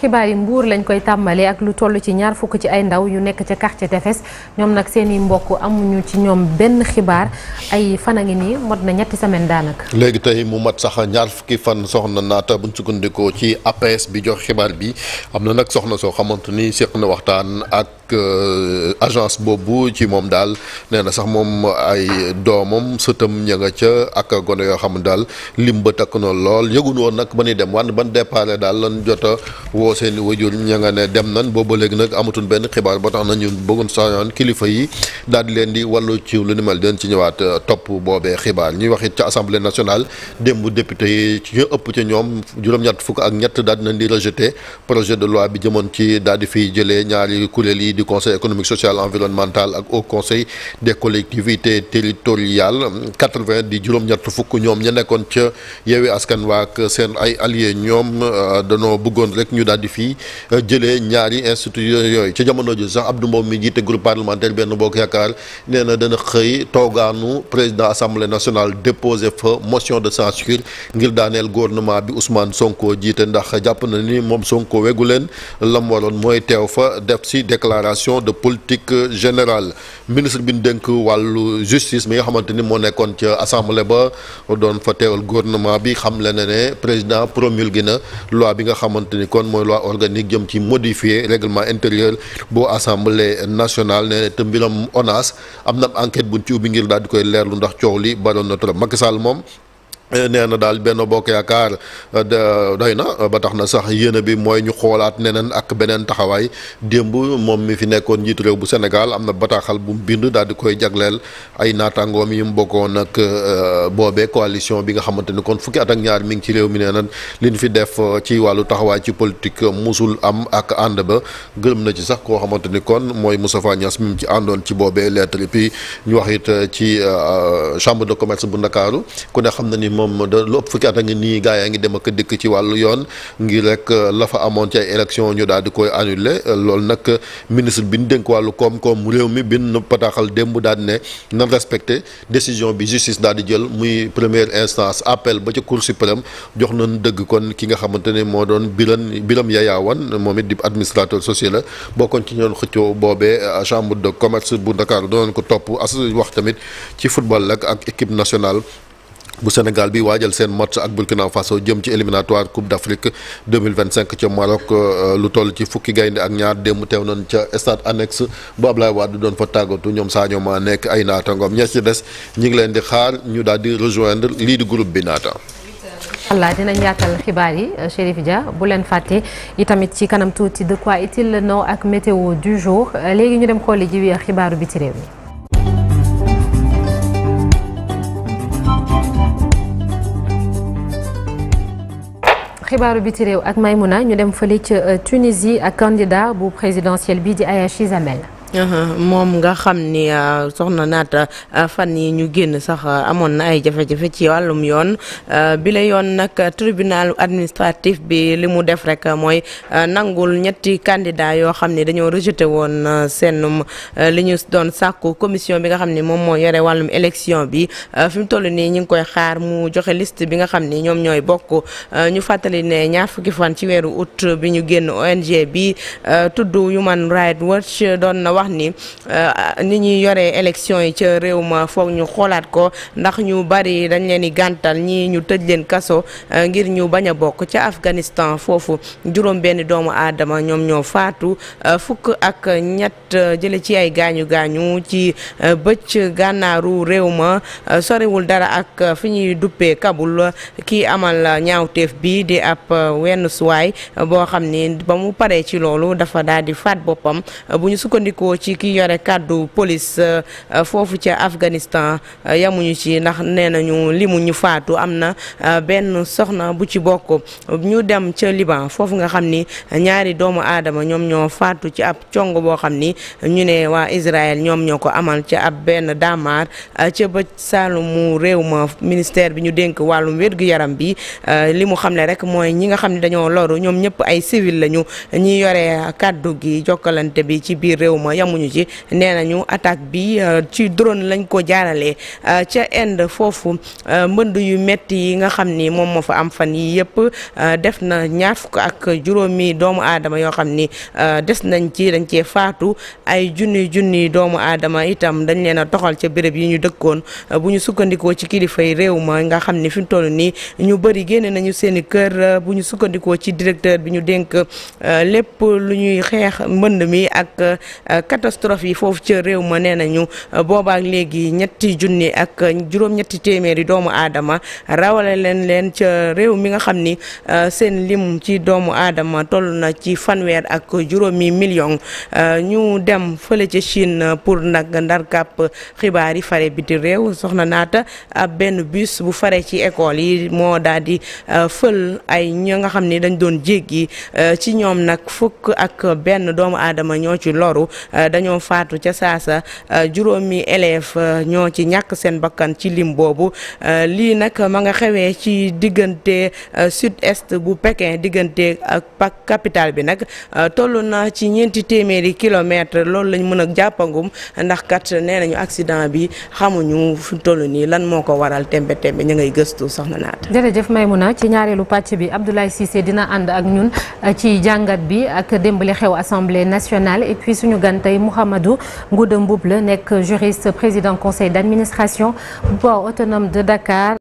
xibaar yi mbuur lañ koy tàmbalee ak lu toll ci ñaar fukk ci ay ndaw yu nekk ca quartier Tefes ñoom nag seen i mbokk amuñu ci ñoom benn xibaar ay fan a ngi nii mot na ñetti semaine daanaka. léegi tey mu mat sax ñaar fukki fan soxna naata buñ sukkandikoo ci APS bi jox xibaar bi am na nag soxna soo xamante ni seq na waxtaan ak euh, agence boobu ci moom daal nee na sax moom ay doomam sëtam ña nga ca ak gone yoo xam daal lim ba takk na lool yëguñu woon nag ba ñuy dem wan ban daal lan woo seen i wajur ña nga ne dem nan booba léegi nag amatul benn xibaar ba tax na ñu bëggoon sañoon kilifa yi daal di leen di wàllu ci lu ni mel den ci ñëwaat euh, topp boobee xibaar ñuy wax ca assemblée nationale démb député yi ci ñu ëpp ci ñoom juróom-ñett fukk ak ñett daal di nañ di rejeté projet de loi bi jëmoon ci daal di fiy jëlee ñaari kuréel yi di conseil économique social environnemental ak au conseil des collectivités territoriales di juróom-ñett fukk ñoom ña nekkoon ca yeewi askan waa ak seen ay alliés ñoom euh, danoo bëggoon daal di fii euh, jëlee ñaari institution yooyu ci jamono ji sax Abdou Mbow mi jiite groupe parlementaire benn bokk yaakaar nee na dana xëy toogaanu président assemblée nationale déposé fa motion de censure ngir daaneel gouvernement bi Ousmane Sonko jiite ndax jàpp na ni moom Sonko wegu leen lam waroon mooy teew fa def si déclaration de politique général ministre bi ñu dénk wàllu justice mi nga xamante ni moo nekkoon ca assemblée ba doon fa teewal gouvernement bi xam loi organique jëm ci modifier règlement intérieur boo assemblée nationale nee te mbiram ONAS am na enquête bu ci ubbi ngir daal di koy lu ndax coow li baroon na trop Macky Sall moom Eh, nee na daal benn bokk yaakaar eh, doy na eh, ba na sax yéene bi mooy ñu xoolaat neneen ak beneen taxawaay démb moom mi fi nekkoon njiitu réew bu Sénégal am na bataaxal bu mu bind daal di koy jagleel ay naataangoom yi mu bokkoon ak boobee coalition bi nga xamante ni kon fukki atak ñaar mi ngi ci réew mi nee na li ñu fi def ci wàllu taxawaay ci politique musul am ak ànd ba gërëm na ci sax koo xamante ni kon mooy Moustapha Niass mi ci àndoon ci boobe lettre et puis ñu wax it ci chambre de commerce bu Ndakaaru moom da lu ëpp fukki at a ngi nii gaa yaa ngi dem ak dikk ci wàllu yoon ngir rek euh, la fa amoon ci ay élection ñu daal di koy annulé euh, lool nag euh, ministre bi nu dénk wàllu koom-koom réew mi bi nu pataaxal démb daal di ne na respecté décision bi justice daal di jël muy première instance appel ba ca cour suprême jox nañ dëgg kon ki nga xamante ne moo doon biran biram yayaawan moom it di administrateur social la bokkoon ci ñoon xëccoo boobee chambre de commerce bu Dakar doonoon ko topp as wax tamit ci football rek ak équipe nationale bu Sénégal bi waajal seen match ak Burkina Faso jëm ci éliminatoire Coupe d'Afrique 2025 ca Maroc euh, lu toll ci fukki gaynde ak ñaar démb teew nañ ca stade annexe bu Ablaye Wade doon fa tàggatu ñoom Sadio Mané nekk ay naatangoom ña ci des ñu ngi leen di xaar ñu daal di rejoindre lii di groupe bi naata allah dinañ yaatal xibaar yi euh, Chérif Dia bu leen fàtte yi tamit ci kanam tuuti de quoi est-il le nom ak météo du jour euh, léegi ñu dem xooli ji wi xibaaru biti réew mi xibaaru biti réew ak Maymuna ñu dem fële ca euh, Tunisie ak candidat bu présidentiel bi di Ayachi Zamel. moom nga xam ni euh, soxna naata euh, fan yi ñu génn sax euh, amoon na ay jafe-jafe ci wàllum yoon bi la yoon nag tribunal administratif bi li mu def rek mooy nangul ñetti candidat yoo xam ni dañoo rejeté woon seenum li ñu doon sàkku commission bi nga xam ni moom moo yore wàllum élection bi fi mu toll nii ñu ngi koy xaar mu joxe liste bi nga xam ni ñoom ñooy bokk ñu fàttali ne ñaar fukki fan ci weeru août bi ñu génn ONG bi tudd Human Rights Watch doon wax wax ni euh, ni ñuy yoree élection yi ca réew ma foog ñu xoolaat ko ndax ñu bari dañ leen di gàntal ñi ñu tëj leen kaso euh, ngir ñu bañ a bokk ca Afghanistan foofu juróom benn doomu aadama ñoom ñoo faatu euh, fukk ak ñett jële ci ay gaañu gaañu ci bëcc gànnaaru réew ma soriwul dara ak fi ñuy duppee Kabul kii amal ñaawteef bi di ab wenn suwaay boo xam ni ba mu paree ci loolu dafa daldi di faat boppam bu ñu sukkandiku ko ci ki yore kàddu police euh, foofu ca Afghanistan euh, yamuñu ci ndax nee nañu limu ñu faatu am na euh, benn soxna bu ci bokk ñu dem ca Liban foofu nga xam ni ñaari doomu aadama ñoom ñoo faatu ci ab cong boo xam ni ñu ne waa Israël ñoom ñoo ko amal ci ab benn daamaar ca bëj saalumu réew ma ministère bi ñu dénk wàllum wér-gu-yaram bi li mu xamle rek mooy ñi nga xam ne dañoo loru ñoom ñëpp ay civil lañu ñi yore kàddu gi jokkalante bi ci biir réew ma yamuñu ci nee nañu attaque bi euh, ci drone lañ ko jaaralee euh, ca Inde foofu euh, mbënd yu metti yi nga xam ni moom moo fa am fan yi yëpp def na ñaar fukk ak juróomi doomu aadama yoo xam ni des nañ ci dañ cee faatu ay junni junni doomu aadama itam dañ leen a toxal ca béréb yi ñu dëkkoon bu ñu sukkandikoo ci kilifa yi réew ma nga xam ni fi mu toll nii ñu bëri génne nañu seeni kër bu ñu sukkandikoo ci directeur bi ñu dénk lépp lu ñuy xeex mbënd mi ak catastrophe yi foofu ca réew ma nee nañu boobaak léegi ñetti junni ak juróom-ñetti téeméeri doomu aadama rawale leen leen ca réew mi nga xam ni euh, seen lim ci doomu aadama toll na ci fanweer ak juróomi million euh, ñu dem fële ca Chine pour nag ndar kàpp xibaar yi fare biti réew soxna naata ab benn bus bu fare ci école yi moo daal di euh, fël ay ñi nga xam ni dañ doon jéggi ci ñoom nag fukk ak benn doomu aadama ñoo ci loru Euh, dañoo faatu ca saasa euh, juróomi élève euh, ñoo ci ñàkk seen bakkan ci lim boobu lii nag ma nga xewee ci diggante sud-est bu Pékin diggante ak pak capitale bi nag toll na ci ñeenti téeméeri kilomètre loolu lañ mën a jàppangum ndax kat nee nañu accident bi xamuñu fu toll nii lan moo ko waral tembe tembe ñu ngay gëstu soxna naat jërëjëf Maymuna ci ñaareelu pàcc bi Abdoulaye Cissé dina ànd ak ñun ci jàngat bi ak démbali xew assemblée nationale et puis gan tey Mouhamadou Ngouda Mboup la nekk juriste président conseil d'administration bu port de Dakar